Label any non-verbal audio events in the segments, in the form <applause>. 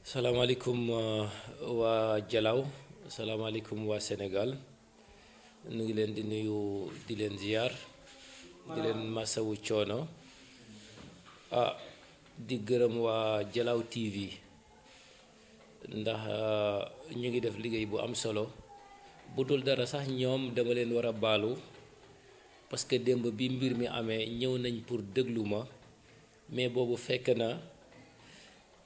salaamaaleykum uh, waa Jalaaw salaamaaleykum waa Sénégal nu ngi leen di nuyu di leen ziar di leen masawu coono ah di gërëm waa Jalaaw TV ndax uh, ñu ngi def liggéey bu am solo bu dul dara sax ñoom dama leen war a baalu parce que démb bi mbir mi amee ñëw nañ pour déglu mais boobu fekk na.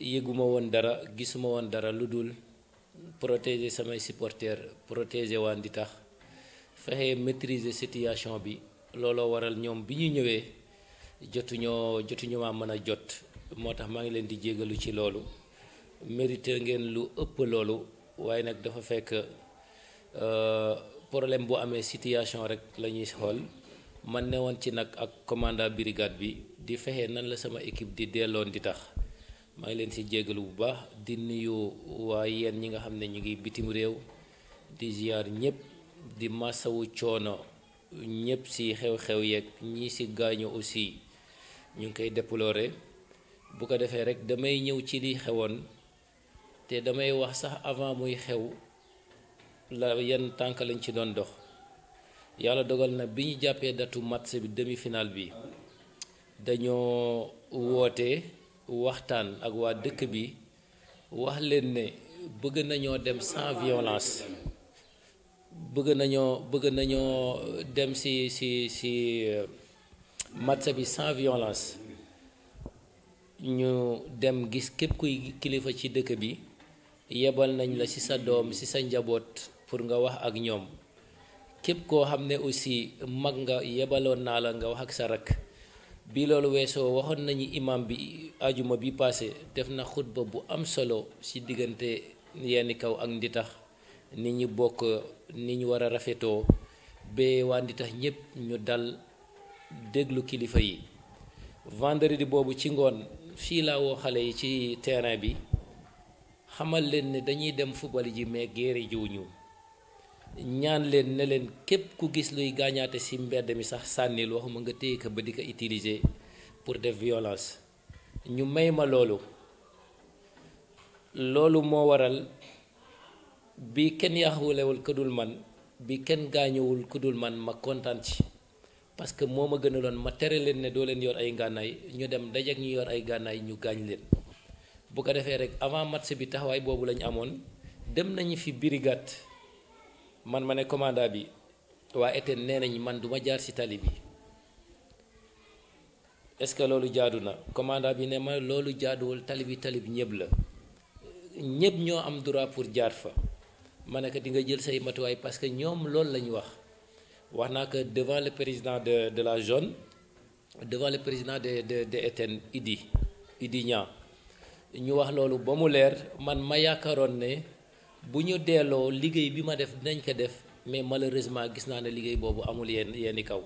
yëguma woon dara gisuma woon dara lu dul protéger samay supporters protéger waan di tax fexe maîtriser situation bi looloo waral ñoom bi ñu ñëwee jotuñoo jotuñu maa mën a jot moo tax maa ngi leen di jégalu ci loolu mérité ngeen lu ëpp loolu waaye nag dafa fekk euh, problème bu amee situation rek la ñuy xool man ne woon ci nag ak commandant brigade bi di fexe nan la sama équipe di delloon di tax maa ngi leen si jégalu bu baax di nuyu waa yéen ñi nga xam ne ñu ngi bitim réew di ziar ñëpp di masawu coono ñëpp ci xew-xew yeeg ñii si gaañu aussi ñu ngi koy déplorer bu ko defee rek damay ñëw ci li xewoon te damay wax sax avant muy xew la yan tànk lañ ci doon dox yàlla dogal na bi ñu jàppee datu match bi demi-finale bi dañoo woote. waxtaan ak waa dëkk bi wax leen ne bëgg nañoo dem sans violence bëgg nañoo bëgg nañoo dem si si ci euh, match bi sans violence ñu dem gis képp kuy kilifa ci dëkk bi yebal nañ la ci sa doom ci sa njaboot pour nga wax ak ñoom képp koo xam ne aussi mag nga yebaloon naa la nga wax ak sa rakk bi loolu weesoo waxoon nañu imam bi ajuma bi passé def na xutba bu am solo ci diggante yenn kaw ak nditax ni ñu bokk ni ñu war a rafetoo ba waa nditax ñépp ñu dal déglu kilifa yi vendredi boobu ci ngoon fii laa woo xale yi ci terrain bi xamal leen ne dañuy dem fubali ji mais géere jiw ñu ñaan leen ne leen képp ku gis luy gaañaate ci mbedd mi sax sànnil waxuma nga téye ko ba di ko utiliser pour de violence ñu may ma loolu loolu moo waral bi kenn yaaxulewul këdul man bi kenn gaañuwul këdul man ma kontaan ci parce que moo ma gënaloon ma tere leen ne doo leen yor ay ngànnaay ñu dem dajeek ñu yor ay gànnaay ñu gaañ leen bu ko defee rek avant match bi taxawaay boobu lañu amoon dem nañu fi brigade man ma commanda bi waa Eten nee nañ man du ma jaar si bi est-ce que loolu jaadu commanda bi ne ma loolu jaaduwul tali bi tali bi ñëpp la ñëpp ñoo am droit pour jaar fa ma ne ko di nga jël say parce que ñoom loolu la wax que devant le président de de la zone devant le président de de Eten Idi Idi Niang ñu wax loolu ba mu leer man ma yaakaaroon bu ñu delloo liggéey bi ma def dinañ ko def mais malheureusement gis naa ne liggéey boobu amul yenn yenn kaw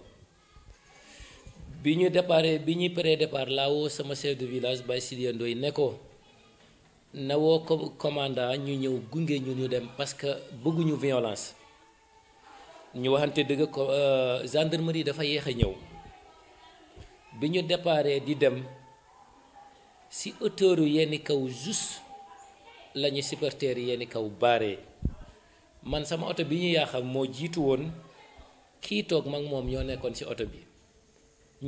bi ñu dépare bi ñuy pré départ laa woo sama chef de village Baye Sidya Ndoye ne ko na woo ko commandant ñu ñëw gunge ñu ñu dem parce que bëgguñu violence ñu waxante dëgg ko euh, gendarmerie dafa yéex a ñëw bi ñu dépare di dem si hauteur yenn kaw juste lañu ñu supporter yenn kaw baare man sama oto bi ñu yaaxam moo jiitu woon kii toog mag moom ñoo nekkoon si oto bi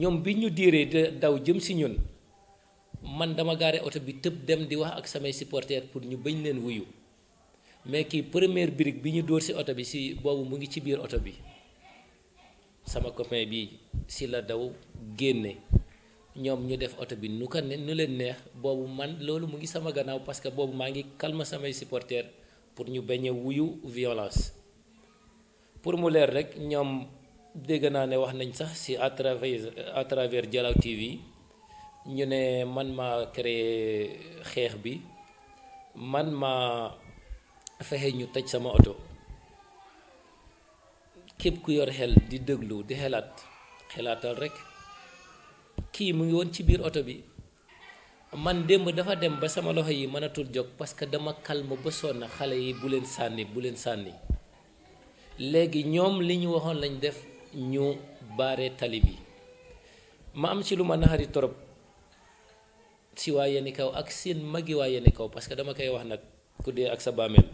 ñoom bi ñu diiree daw jëm si ñun man dama gaare oto bi tëb dem di wax ak samay supporter pour ñu bañ leen wuyu mais kii première brique bi ñu dóor si oto bi si boobu mu ngi ci biir oto bi sama copain bi si la daw génne ñom ñu def auto bi nu ko ne nu leen neex boobu man loolu mu ngi sama gannaaw parce que boobu maa ngi calme samay supporter pour ñu bañ wuyu violence pour mu leer rek ñom dégg ne wax nañ sax si à travers à travers TV ñu ne man maa créé xeex bi man maa fexe ñu tëj sama auto képp ku yor xel di déglu di xelaat xelaatal rek kii mu ngi woon ci biir oto bi man démb dafa dem ba sama loxo yi mënatul jóg parce que dama calme ba na xale yi buleen sànni bu leen sànni léegi ñoom li ñu waxoon lañ def ñu baare tali bi ma am ci lu ma naxari torop si waa yenn kaw ak seen magi waa yenn kaw parce que dama koy wax nag ku dee ak sa bàmmeel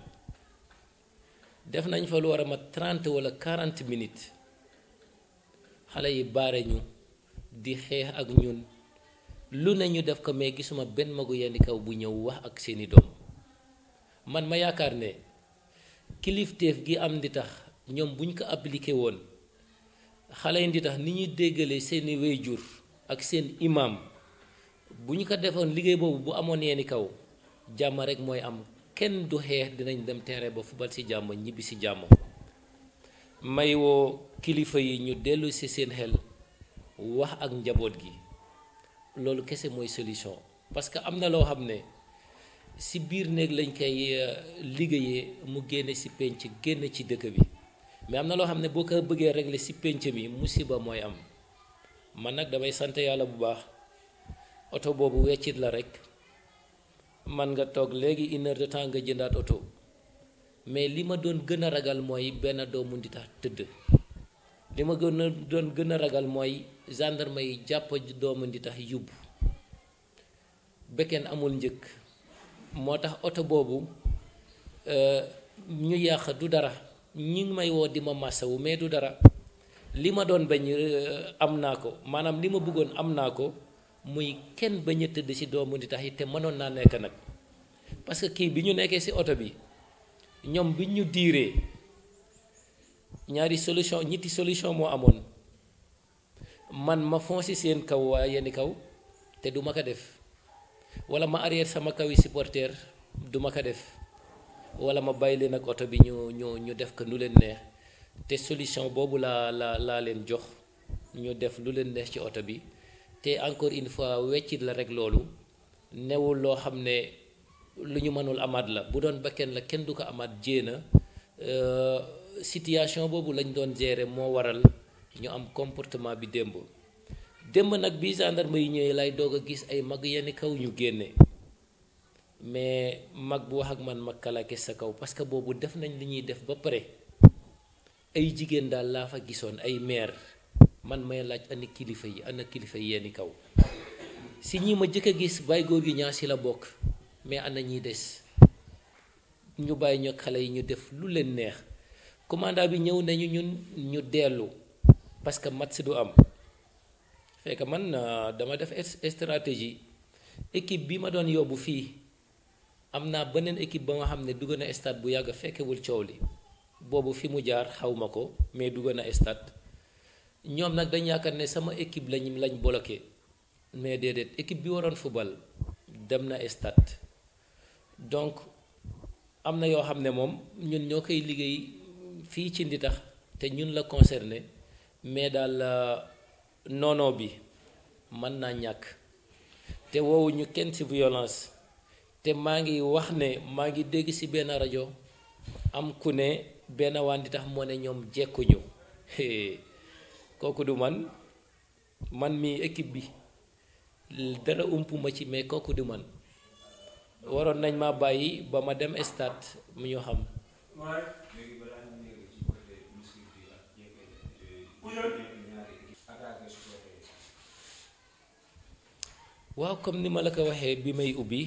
def nañ fa lu war a ma 30 wala 40 minutes xale yi baare ñu di xeex ak ñun lu ne ñu def ko mais gisuma benn magu yenni kaw bu ñëw wax ak seeni doom man ma yaakaar ne kilifteef gi am di tax ñoom buñ ko appliqué woon xale yi di tax ni ñuy déggalee seeni wéyjur ak seen imaam bu ñu ko defoon liggéey boobu bu amoon yenn kaw jàmm rek mooy am kenn du xeex dinañ dem terrain ba fubal ci jàmm ñibbi ci jàmm may woo kilifa yi ñu dellu ci seen xel wax ak njaboot gi loolu kese mooy solution parce que am na loo xam ne si biir néeg lañ koy euh, liggéeyee mu génne si penc génn ci dëkk bi mais am na loo xam ne boo ko bëggee regle si penc mi musiba mooy am man nag damay sant yàlla bu baax oto boobu weccit la rek man nga toog léegi une heure de temps nga jëndaat oto mais li ma doon gën a ragal mooy benn doomu nditax tëdd li ma gën a doon gën a ragal mooy gendarme yi jàpp doomu ndi tax yóbbu bekkeen amul njëkk moo tax oto boobu euh, ñu yàq du dara ñi may woo di ma masawu mais du dara li ma doon bañ euh, am naa ko maanaam li ma bëggoon am naa ko muy kenn bañ a tëdd ci doomu ndi tax yi te mënoon naa nekk nag parce que kii bi ñu nekkee ci oto bi ñoom bi ñu diiree. ñaari solution ñetti solution moo amoon man ma foncer seen kaw waa yenn kaw te du ma ko def wala ma arrière sama kaw yi supporter du ma ko def wala ma bàyyi leen ak oto bi ñu ñu ñu def ko nu leen neex te solution boobu laa la laa leen jox ñu def lu leen neex ci oto bi te encore une fois weccit la rek loolu newul loo xam ne lu ñu mënul amaat la bu doon bakken la kenn du ko amaat jéena euh, situation boobu lañu doon gérer moo waral ñu am comportement bi démb démb nag bi gendarme yi ñëwee lay doog a gis ay mag yenn kaw ñu génne mais mag bu wax ak man mag kalake sa kaw parce que boobu def nañ li ñuy def ba pare ay jigéen daal laa fa gisoon ay maire man may laaj ana kilifa yi ana kilifa yi yenn kaw si ñi ma jëkk a gis bàyyi góor gi ñaar si la bokk mais ana ñiy des ñu bàyyi ñoo xale yi ñu def lu leen neex commandant bi ñëw nañu ñun ñu dellu parce que match du am fekk man euh, dama def stratégie équipe bi ma doon yóbbu fii am naa beneen équipe ba nga xam ne dugg na stade bu yàgg fekkewul coow li boobu fi mu jaar xaw ma ko mais dugg na stade ñoom nag dañ yaakaar ne sama équipe lañ lañ bloqué mais déedéet équipe bi waroon football dem na stade donc am na yoo xam ne moom ñun ñoo koy liggéey. fii ci ndi tax te ñun la conserné mais daal euh, noonoo bi mën naa ñàkk te woowu ñu kenn ci violence te maa ngi wax ne maa ngi dégg ci benn rajo am ku ne benn waan di tax moo ne ñoom jekkuñu kooku du man man mi équipe bi dara ump ma ci mais kooku du man waroon nañ ma bàyyi ba ma dem stade mu ñu xam waaw comme ni ma la ko waxee bi may ubbi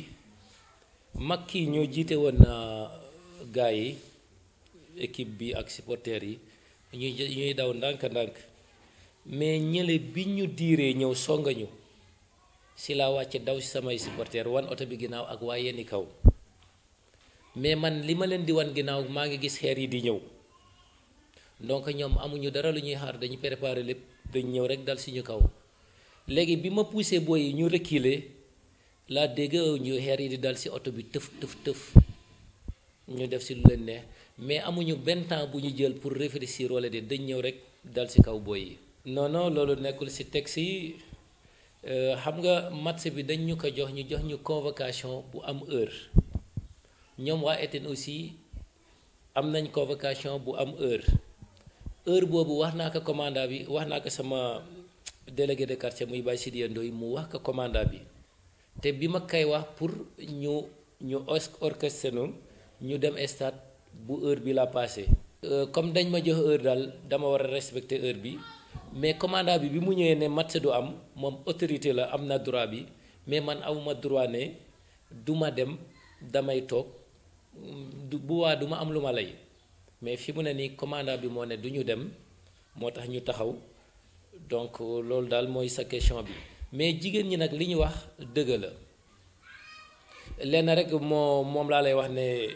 mag kii ñoo jiite woon euh, gaa yi équipe bi ak supporters yi ñuy ñuy daw ndànk-ndànk mais ñële bi ñu diiree ñëw songañu ci laa wàcce daw si samay supporters wan oto bi ginnaaw ak waaye yenni kaw mais man li ma leen di wan ginnaaw maa ngi gis xeer yi di ñëw donc ñoom amuñu dara lu ñuy xaar dañuy préparer lépp dañ ñëw rek dal suñu kaw léegi bi ma poussé booy yi ñu reculer laa dégg ñu xeer yi di dal si oto bi tëf tëf tëf ñu def si lu leen neex mais amuñu benn temps bu ñu jël pour réfléchir wala de dañ ñëw rek dal si kaw booy yi. non non loolu nekkul si texte yi euh, xam nga match bi dañ ñu ko jox ñu jox ñu convocation bu am heure ñoom waa Etienne aussi am nañ convocation bu am heure. heure boobu wax naa ko commandant bi wax naa ko sama délégué de quartier muy Baye Sidiya Ndoye mu wax ko commandant bi te bi ma kay wax pour ñu ñu orchestre noonu ñu dem stade bu heure bi la passé euh, comme dañ ma jox heure daal dama war a respecter heure bi mais commandant bi bi mu ñëwee ne match du am moom autorité la am na droit bi mais man amuma droit ne du ma dem damay toog du bu waa du am lu ma lay mais fi mu ne nii commandant bi moo ne du ñu dem moo tax ñu taxaw donc loolu daal mooy sa question bi mais jigéen ñi nag li ñu wax dëgg la lenn rek moo moom laa lay wax ne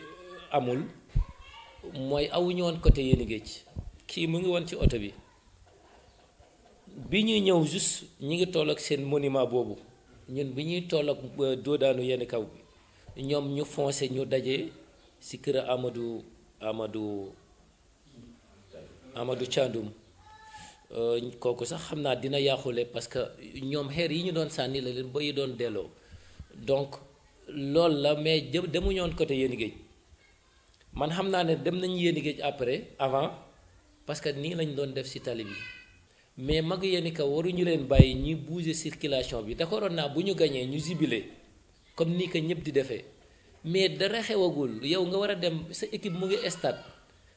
amul mooy awuñu woon côté yéeni géej kii mu ngi woon ci oto bi bi ñuy ñëw juste ñi ngi toll ak seen monument boobu ñun bi ñuy toll ak euh, doodaanu yenn kaw bi ñoom ñu foncé ñu daje ci kër a Amadou Amadou Amadou Thiandoum euh, kooku sax xam naa dina yàqule parce que ñoom xeer yi ñu doon sànni la leen ba yi doon delloo donc loolu la mais demu ñoon côté yéen géej man xam naa ne dem nañ yéen géej après avant parce que nii lañ doon def si tali bi mais mag yéen kaw waruñu leen bàyyi ñi bouger circulation bi d'accord naa bu ñu gañee ñu jubilé comme nii ko ñëpp di defee mais dara xewagul yow nga war a dem sa équipe mu ngi stade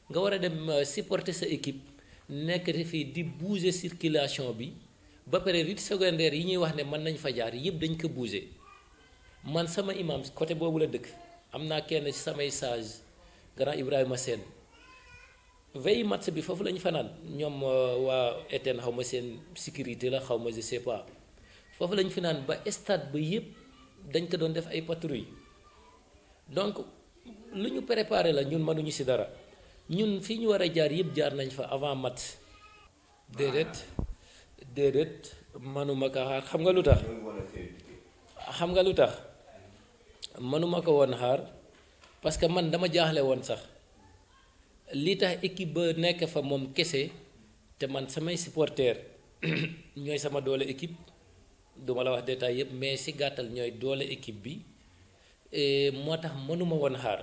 nga war a dem euh, supporter sa équipe nekk fii di bouger circulation bi ba pare rite secondaire yi ñuy wax ne mën nañ fa jaar yëpp dañ ko bouger man sama imam côté boobu la dëkk am naa kenn ci samay sage grand Ibrahima Sène veille match bi foofu la fanaan ñoom euh, waa Etienne xaw ma seen sécurité la xaw ma je sais pas foofu la fi naan ba stade bi yëpp dañ ko doon def ay patrouille donc lu ñu préparé la ñun mënuñu si dara ñun fii ñu war a jaar yëpp jaar nañ fa avant matt déedéet déedéet manuma ko xaar xam nga lu tax xam nga lu tax manuma ko woon xaar parce que man dama jaaxle woon sax li tax équipe ba nekk fa moom kese te man samay supporter <clears throat> ñooy sama doole équipe duma la wax détail yëpp mais si gàttal ñooy doole équipe bi E, moo tax mënuma woon xaar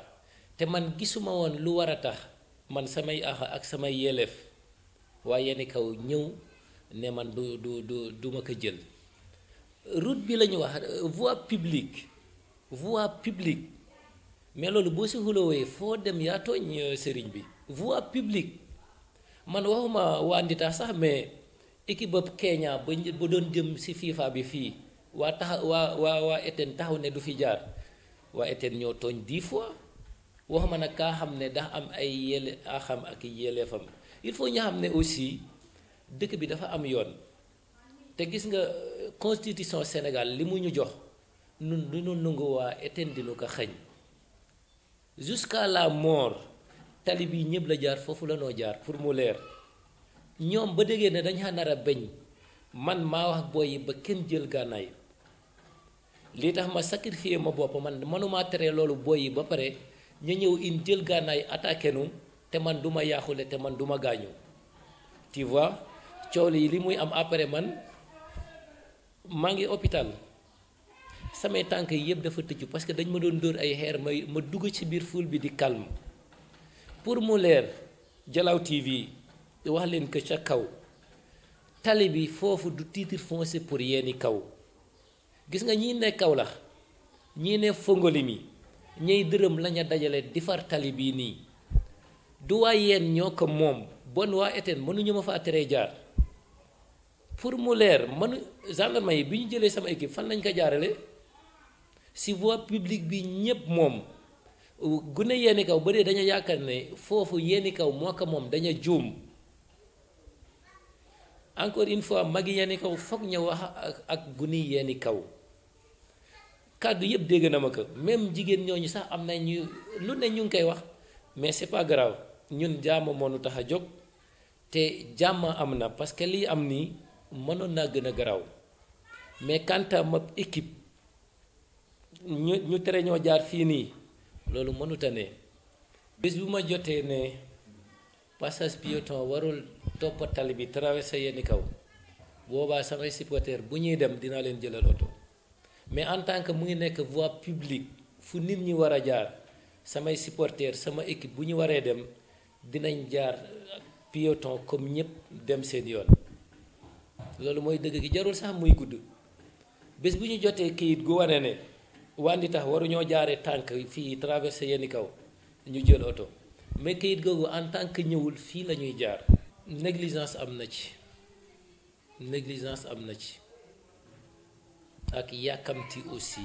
te man gisuma woon lu war tax man samay ax ak samay yelef waa yenn kaw ñëw ne man du du du du ma ko jël route bi la ñu wax voie publique voie publique mais loolu boo si xulowee foo dem yaa tooñ euh, sëriñ bi voie publique man waxuma waa Ndita sax mais équipe ab Kenya ba ba doon jëm si FIFA bi fii waa wa waa waa waa taxaw ne du fi jaar waa Etienne ñoo tooñ dix fois waxuma nag kaa xam ne dax am ay yele axam ak yeleefam il faut ñu xam ne aussi dëkk bi dafa am yoon te gis nga euh, constitution Sénégal li mu ñu jox nun du ñu nangu waa Etienne di ñu ko xëñ jusqu'à la mort tali bi ñëpp la jaar foofu la noo jaar pour mu leer ñoom ba déggee ne dañ xa nar beñ man maa wax booy yi ba kenn jël gànnaay li tax ma sacrifier ma bopp man mënumaa teree loolu booy yi ba pare ñu ñëw in jël gànnaay attaqué nu te man du ma yaaxule te man duma ma gaañu tu vois coow yi li muy am après man maa ngi hôpital samay tànk yi yëpp dafa tëju parce que dañ ma doon dóor ay xeer may ma dugg ci biir foule bi di calme pour mu leer Dialaw TV wax leen ko ca kaw tali bi foofu du titre foncier pour yenni kaw gis nga ñii ne Kaolack ñii ne mi ñey dërëm lañu dajale difar tali bii nii duwaay waa ñoo ko moom bon waa Eten mënuñu ma faa teree jaar pour mu leer mënu gendarmerie yi bi ñu jëlee sama équipe fan lañ ko jaarale si voie publique bi ñépp moom gune yeeni kaw ba dee dañu yaakaar ne foofu yeeni kaw moo ko moom dañu juum encore une fois magi yenni kaw foog ñu wax ak ak guni yenni kaw kàddu yëpp dégg na ma ko même jigéen ñooñu sax am na ñu lu ne ñu ngi koy wax mais c'est pas grave ñun jàmm moo nu tax a jóg te jàmm am na parce que lii am nii mënoon naa gën a garaaw mais quant à équipe ñu ñu tere ñoo jaar fii nii loolu mënut ne bés bu ma jotee ne. passage bio temps warul toppa tali bi traversé yenn kaw boba samay supporter bu dem dina leen jëlal oto mais en tant que mu ngi nek voie publique fu nit ñi wara jaar sama supporter sama équipe bu ñu waree dem dinañ jaar piéton comme ñep dem seen yoon lolu moy deug gi jarul sax muy gudd bes bu ñu jotee kayit gu wané né wandi tax ñoo jaaré tank fi traverser kaw ñu jël auto mais kayit googu en tant que ñëwul fii lañuy jaar négligence am na ci négligence am na ci ak yàkkamti aussi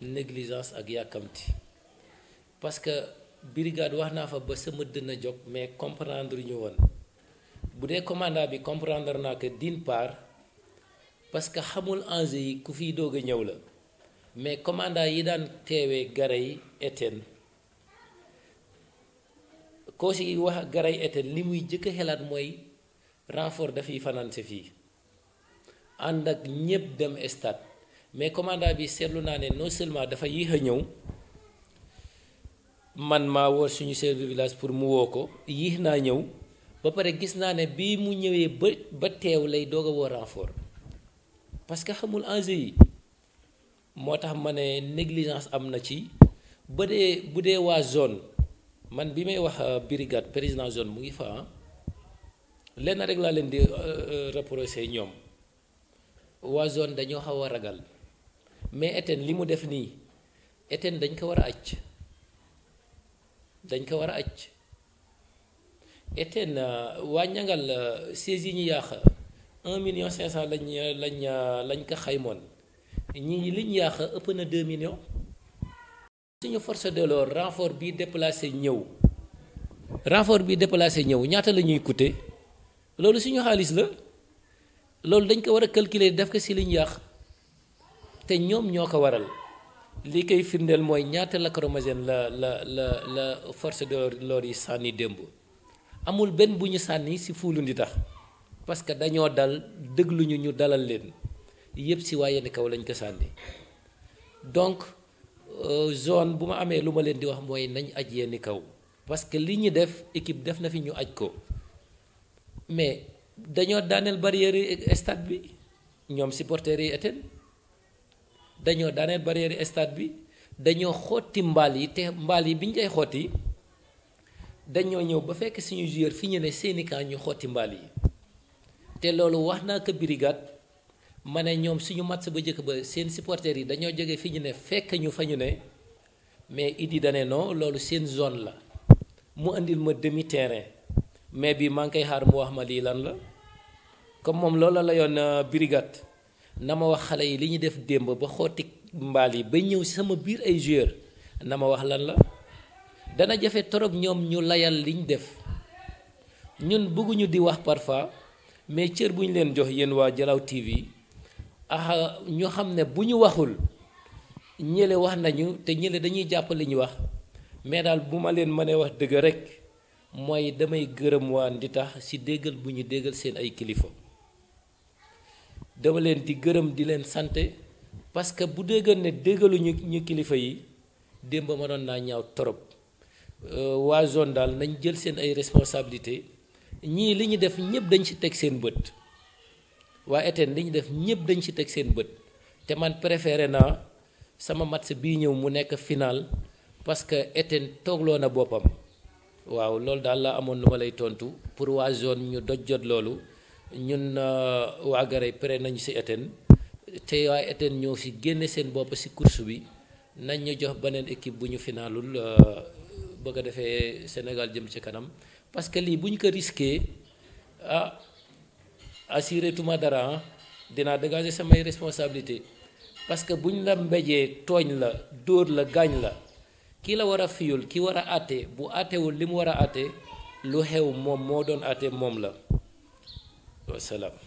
néglisance ak yàkkamti parce que brigade wax naa fa ba sama dëna jog mais comprendre ñu woon bu dee commandant bi comprendre naa que dine part parce que xamul enjeu yi ku fiy doog a ñëw la mais commandant yi daan teewee gare yi Etienne koo si wax garay eten li muy jëkk a xelaat mooy renfort dafiy fanaanse fii ànd ak ñëpp dem stade mais commandant bi seetlu naa ne noo seulement dafa yéex a ñëw man ma woo suñu chef village pour mu woo ko yiix naa ñëw ba pare gis naa ne bii mu ñëwee ba ba teew lay doog a woo renfort parce que xamul enjeu yi moo tax ma ne négligence am na ci ba dee bu dee waa zone man bi may wax euh, brigade président zone mu ngi fa ah. lenn rek laa leen di euh, euh, reprocher ñoom waa zone dañoo xaw a ragal mais Etienne li mu def nii Etienne dañ ko war a acc dañ ko war a acc Etienne waa ñangal saisi yi ñu yàq un million cinq cent lañ lañ lañ ko xaymoon ñi liñ yàq ëpp na deux millions suñu force de l'ordre renfort bi déplacé ñëw renfort bi déplacé ñëw ñaata la ñuy coûter loolu suñu xaalis la loolu dañ ko war a calculer def ko si liñ yàq te ñoom ñoo ko waral li koy firndeel mooy ñaata lacrymogène la la la force de l'ordre yi sànni démb amul benn bu ñu sànni si fuulu di tax parce que dañoo dal dégluñu ñu dalal leen yëpp si waa yenn kaw lañ ko sànni Euh, zone bu ma amee lu ma leen di wax mooy nañ aj yenni kaw parce que li ñu def équipe def na fi ñu aj ko mais dañoo daaneel barrière yi stade bi ñoom supporters yi eten dañoo daaneel barrière yi stade bi dañoo xotti mbaal yi te mbaal yi bi ñu xotti dañoo ñëw ba fekk suñu joueur fi ñu ne seeni camp ñu xotti mbaal yi te loolu wax naa ko brigade ma ne ñoom suñu match ba jëkk ba seen supporters yi dañoo jóge fi ñu ne fekk ñu fa ñu ne mais Idi dane non loolu seen zone la mu andil ma demi terrain mais bi maa ngi xaar mu wax ma lii lan la comme moom loola la yoon euh, brigade na ma wax xale yi li ñu def démb ba xotti mbaal yi ba ñëw sama biir ay joueur na ma wax lan la dana jafe torop ñoom ñu layal liñ def ñun bëgguñu di wax parfois mais cër bu ñu leen jox yéen waa Dialaw TV ah ñu xam ne bu ñu waxul ñële wax nañu te ñële dañuy jàpp li ñu wax mais daal bu ma leen mënee wax dëgg rek mooy damay gërëm waan di déggal bu ñu déggal seen ay kilifa dama leen di gërëm di leen sant parce que bu déggal ne déggalu ñu ñu kilifa yi démb ma doon naa ñaaw torop euh, waa zone daal nañ jël seen ay responsabilité ñii li ñu def ñëpp dañ ci teg seen bët wa eten li def ñepp dañ ci tek seen bëtt té man préféré na sama match bi ñew mu nekk final parce que eten toglo na bopam waaw lool daal la amon lu lay tontu pour wa zone ñu doj jot loolu ñun euh, wa Garay pré nañ ci eten te wa eten ñoo fi génne seen bop ci course bi nañ ñu jox benen équipe bu ñu finalul euh, bëgg a Sénégal jëm ci kanam parce que li buñ ko risqué ah. assuré tuma dara dinaa dégager samay responsabilité parce que buñ la mbéjee tooñ la dóor la gaañ la kii la war a fiyul ki war a àtte bu àttewul li mu war a àtte lu xew moom moo doon àtte moom la wasalaam